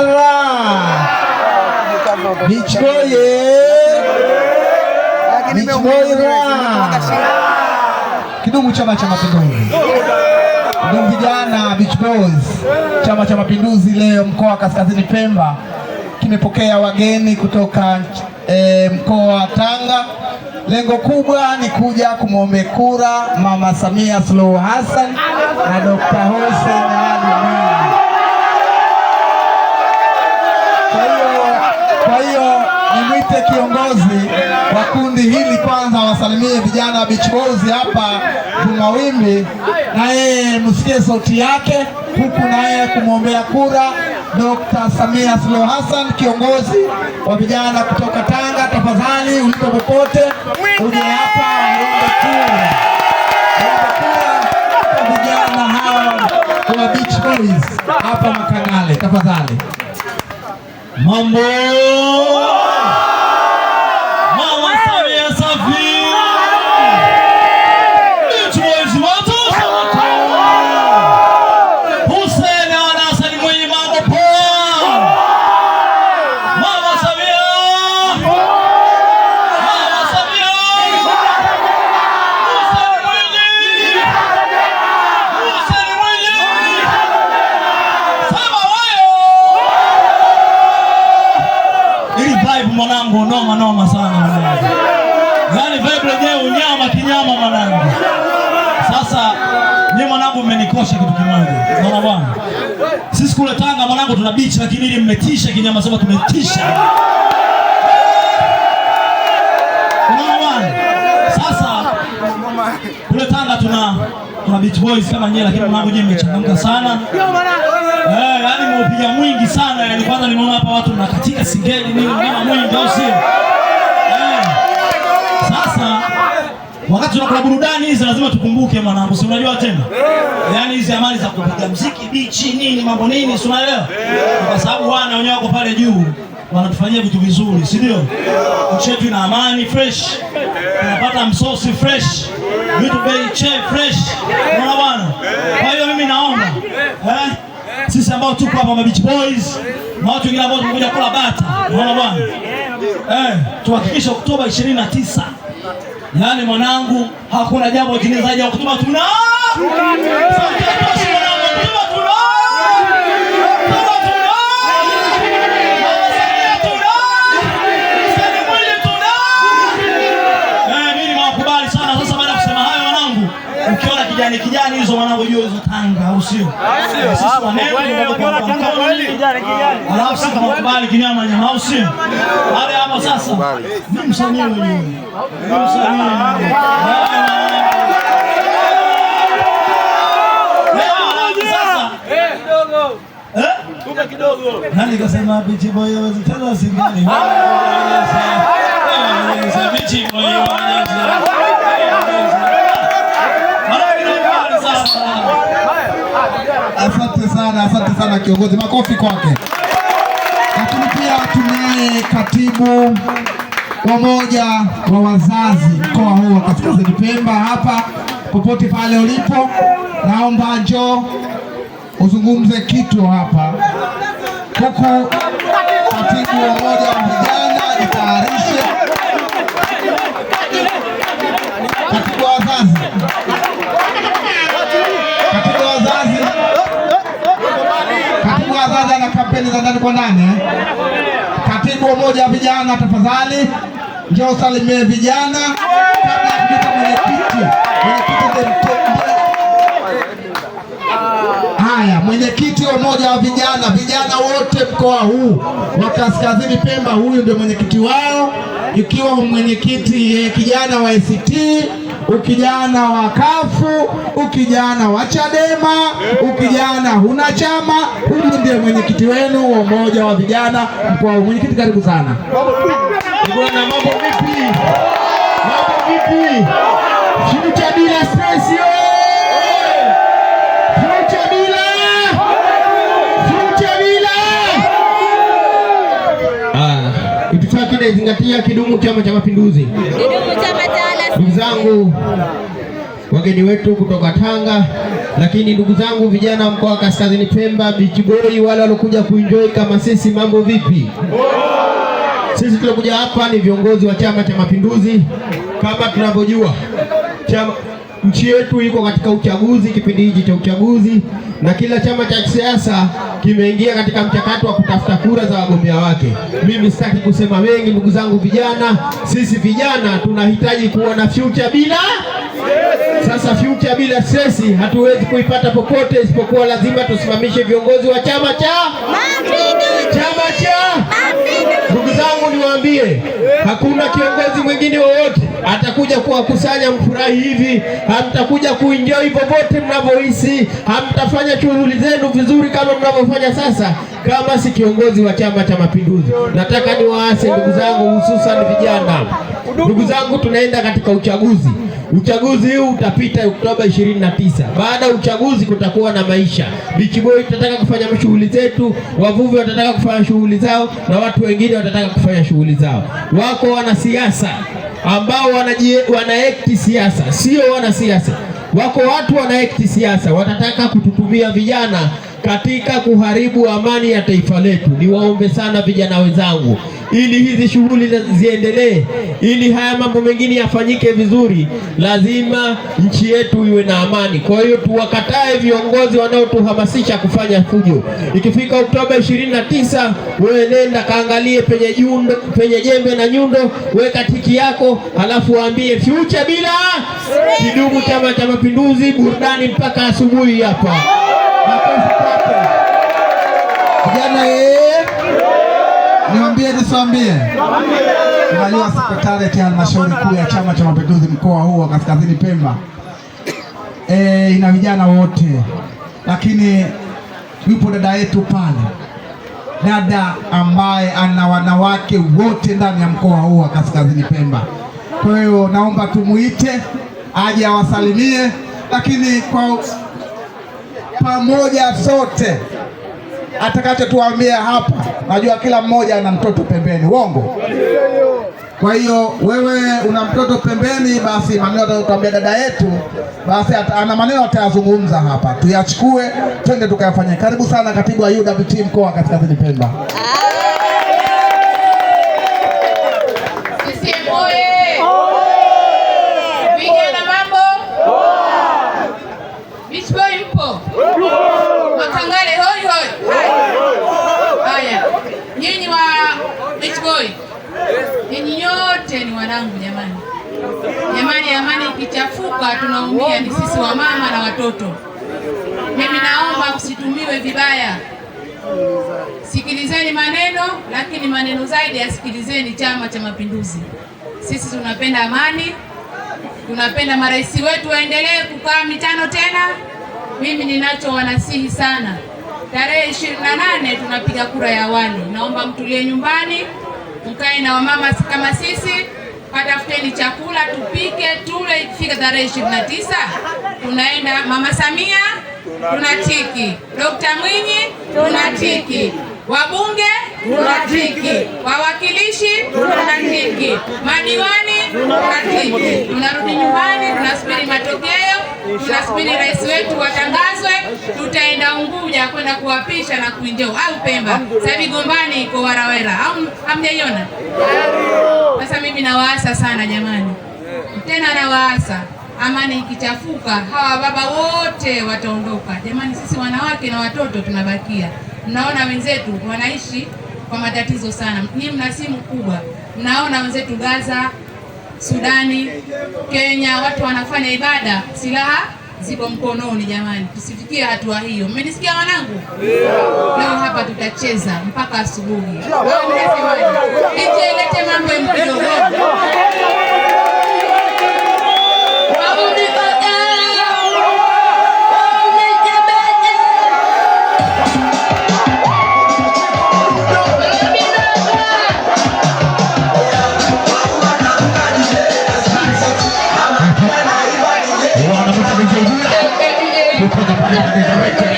Subhanallah. Nichikoye. Kidumu Chama cha Mapinduzi. Ndugu vijana Beach Boys. Chama cha Mapinduzi leo mkoa wa Kaskazini Pemba kimepokea wageni kutoka e, mkoa wa Tanga. Lengo kubwa ni kuja kumwombe kura Mama Samia Suluhu Hassan na Dr. Hussein Ali nimwite kiongozi wa kundi hili kwanza wasalimie vijana Beach Boys hapa Tungawimbi, na yeye msikie sauti yake, huku na yeye kumwombea kura Dr. Samia Suluhu Hassan, kiongozi wa vijana kutoka Tanga. Tafadhali ulipo popote, uje hapa waombe kura, vijana hawa wa Beach Boys hapa Makangale, tafadhali mambo mwanangu, noma noma sana mwanangu, yaani vibe yenyewe unyama kinyama mwanangu. Sasa ni mwanangu, mmenikosha kitu kimoja, naona bwana. Sisi kule Tanga mwanangu tuna beach, lakini ili mmetisha kinyama, sema tumetisha, unaona bwana. Sasa kule Tanga tuna tuna beach boys kama nyewe, lakini mwanangu, je, mmechangamka sana Eh, yaani mwapiga mwingi sana yaani kwanza nimeona hapa watu mnakatika singeli nini mlima mwingi au sio? Eh, sasa wakati tunakula burudani hizi lazima tukumbuke mwanangu, si unajua tena? Yaani hizi amali za kupiga mziki bichi nini mambo nini si unaelewa? Kwa sababu wana wenyewe wako pale juu wanatufanyia vitu vizuri, si ndio? Nchi yetu ina amani fresh. Tunapata msosi fresh. Vitu bei che fresh. Unaona bwana? Kwa hiyo mimi naomba. Eh? ambao tuko hapa ma Boys na watu wengine ambao tumekuja kula bata, unaona bwana eh, tuhakikishe Oktoba 29 yaani mwanangu, hakuna jambo jingine zaidi ya Oktoba tuna alafu tutakubali kinyama nyama, au sio? Baada hapo sasa ni msanii wewe, ni msanii kidogo. Nani kasema bichi boy hawezi tena singani? Bichi boy. Asante sana, asante sana kiongozi, makofi kwake. Lakini pia tunaye katibu umoja wa wazazi mkoa huu wa Kaskazini Pemba hapa, popote pale ulipo, naomba njoo uzungumze kitu hapa, huku katibu umoja wa vijana jitayarishe, katibu wa wazazi ndani kwa ndani. Eh? Katibu umoja wa vijana, tafadhali njoo salimie vijana kabla ya mwenyekiti. Haya, mwenyekiti wa umoja wa vijana, vijana wote mkoa huu wa kaskazini Pemba, huyu ndio mwenyekiti wao, ikiwa mwenyekiti eh, kijana wa ACT ukijana wa kafu, ukijana wa Chadema, ukijana huna chama, huyu ndiye mwenyekiti wenu wa umoja wa vijana mkoa. Mwenyekiti, karibu sana. Mambo vipi? Mambo vipi? Future bila stress yo. Future bila. Future bila. Ah, itifaki kidumu Chama cha Mapinduzi. Kidumu chama cha ndugu zangu wageni wetu kutoka Tanga, lakini ndugu zangu vijana mkoa wa Kaskazini Pemba, bichiboi, wale walokuja kuenjoy kama sisi, mambo vipi? Sisi tulokuja hapa ni viongozi wa Chama cha Mapinduzi kama tunavyojua chama Nchi yetu iko katika uchaguzi, kipindi hiki cha uchaguzi, na kila chama cha kisiasa kimeingia katika mchakato wa kutafuta kura za wagombea wake. Mimi sitaki kusema mengi, ndugu zangu vijana. Sisi vijana tunahitaji kuwa na future bila sasa future bila sesi hatuwezi kuipata popote, isipokuwa lazima tusimamishe viongozi wa chama cha chama cha. Ndugu zangu, niwaambie hakuna kiongozi mwingine wowote atakuja kuwakusanya mfurahi hivi, hamtakuja kuinjoi popote mnavyohisi, hamtafanya shughuli zenu vizuri kama mnavyofanya sasa, kama si kiongozi wa Chama cha Mapinduzi. Nataka niwaase ndugu zangu, hususan vijana. Ndugu zangu, tunaenda katika uchaguzi. Uchaguzi huu utapita Oktoba 29. Baada ya uchaguzi kutakuwa na maisha. Beach Boy tutataka kufanya shughuli zetu, wavuvi watataka kufanya shughuli zao, na watu wengine watataka kufanya shughuli zao. Wako wanasiasa ambao wanaekti siasa, sio wanasiasa. Wako watu wanaekti siasa, watataka kututumia vijana katika kuharibu amani ya taifa letu. Niwaombe sana vijana wenzangu ili hizi shughuli ziendelee, ili haya mambo mengine yafanyike vizuri, lazima nchi yetu iwe na amani. Kwa hiyo tuwakatae viongozi wanaotuhamasisha kufanya fujo. Ikifika Oktoba 29, wewe nenda kaangalie penye jundo, penye jembe na nyundo, weka tiki yako, halafu waambie future bila kidumu Chama cha Mapinduzi, burudani mpaka asubuhi hapa. Vijana, eh niwambie nisiwambie? Unajua, sekretarieti ya halmashauri kuu ya Chama cha Mapinduzi mkoa huu wa Kaskazini Pemba e, ina vijana wote, lakini yupo dada yetu pale, dada ambaye ana wanawake wote ndani ya mkoa huu wa Kaskazini Pemba. Kwa hiyo naomba tumuite aje awasalimie, lakini kwa pamoja sote atakachotuambia hapa Najua kila mmoja ana mtoto pembeni, uongo? Kwa hiyo wewe una mtoto pembeni, basi maneno atakayotuambia dada yetu, basi ana maneno atayazungumza hapa, tuyachukue twende tukayafanye. Karibu sana katibu wa UWT mkoa kaskazini Pemba. Ah. hapa tunaumia ni sisi mama na watoto. Mimi naomba msitumiwe vibaya, sikilizeni maneno, lakini maneno zaidi yasikilizeni Chama cha Mapinduzi. Sisi tunapenda amani, tunapenda marais wetu waendelee kukaa mitano tena. Mimi ninacho wanasihi sana, tarehe ishirini na nane tunapiga kura ya awali. Naomba mtulie nyumbani, mkae na wamama kama sisi patafuteni chakula tupike tule, ikifika tarehe ishirini na tisa tunaenda Mama Samia tunatiki, Dokta Mwinyi tunatiki, wabunge tunatiki, wawakilishi tunatiki, madiwani tunatiki, tunarudi nyumbani, tunasubiri matokeo, tunasubiri rais wetu watangazwe, tutaenda Unguja kwenda kuwapisha na kuinjeo au Pemba. Sasa hivi Gombani iko warawera, au hamjaiona? Sasa mimi nawaasa sana jamani, tena nawaasa, amani ikichafuka hawa baba wote wataondoka jamani. Sisi wanawake na watoto tunabakia. Mnaona wenzetu wanaishi kwa matatizo sana, ni mna simu kubwa, mnaona wenzetu Gaza, Sudani, Kenya, watu wanafanya ibada silaha zipo mkononi. Jamani, tusifikie hatua hiyo. Mmenisikia wanangu? Leo hapa tutacheza mpaka asubuhi. Nasemaje? mambo ya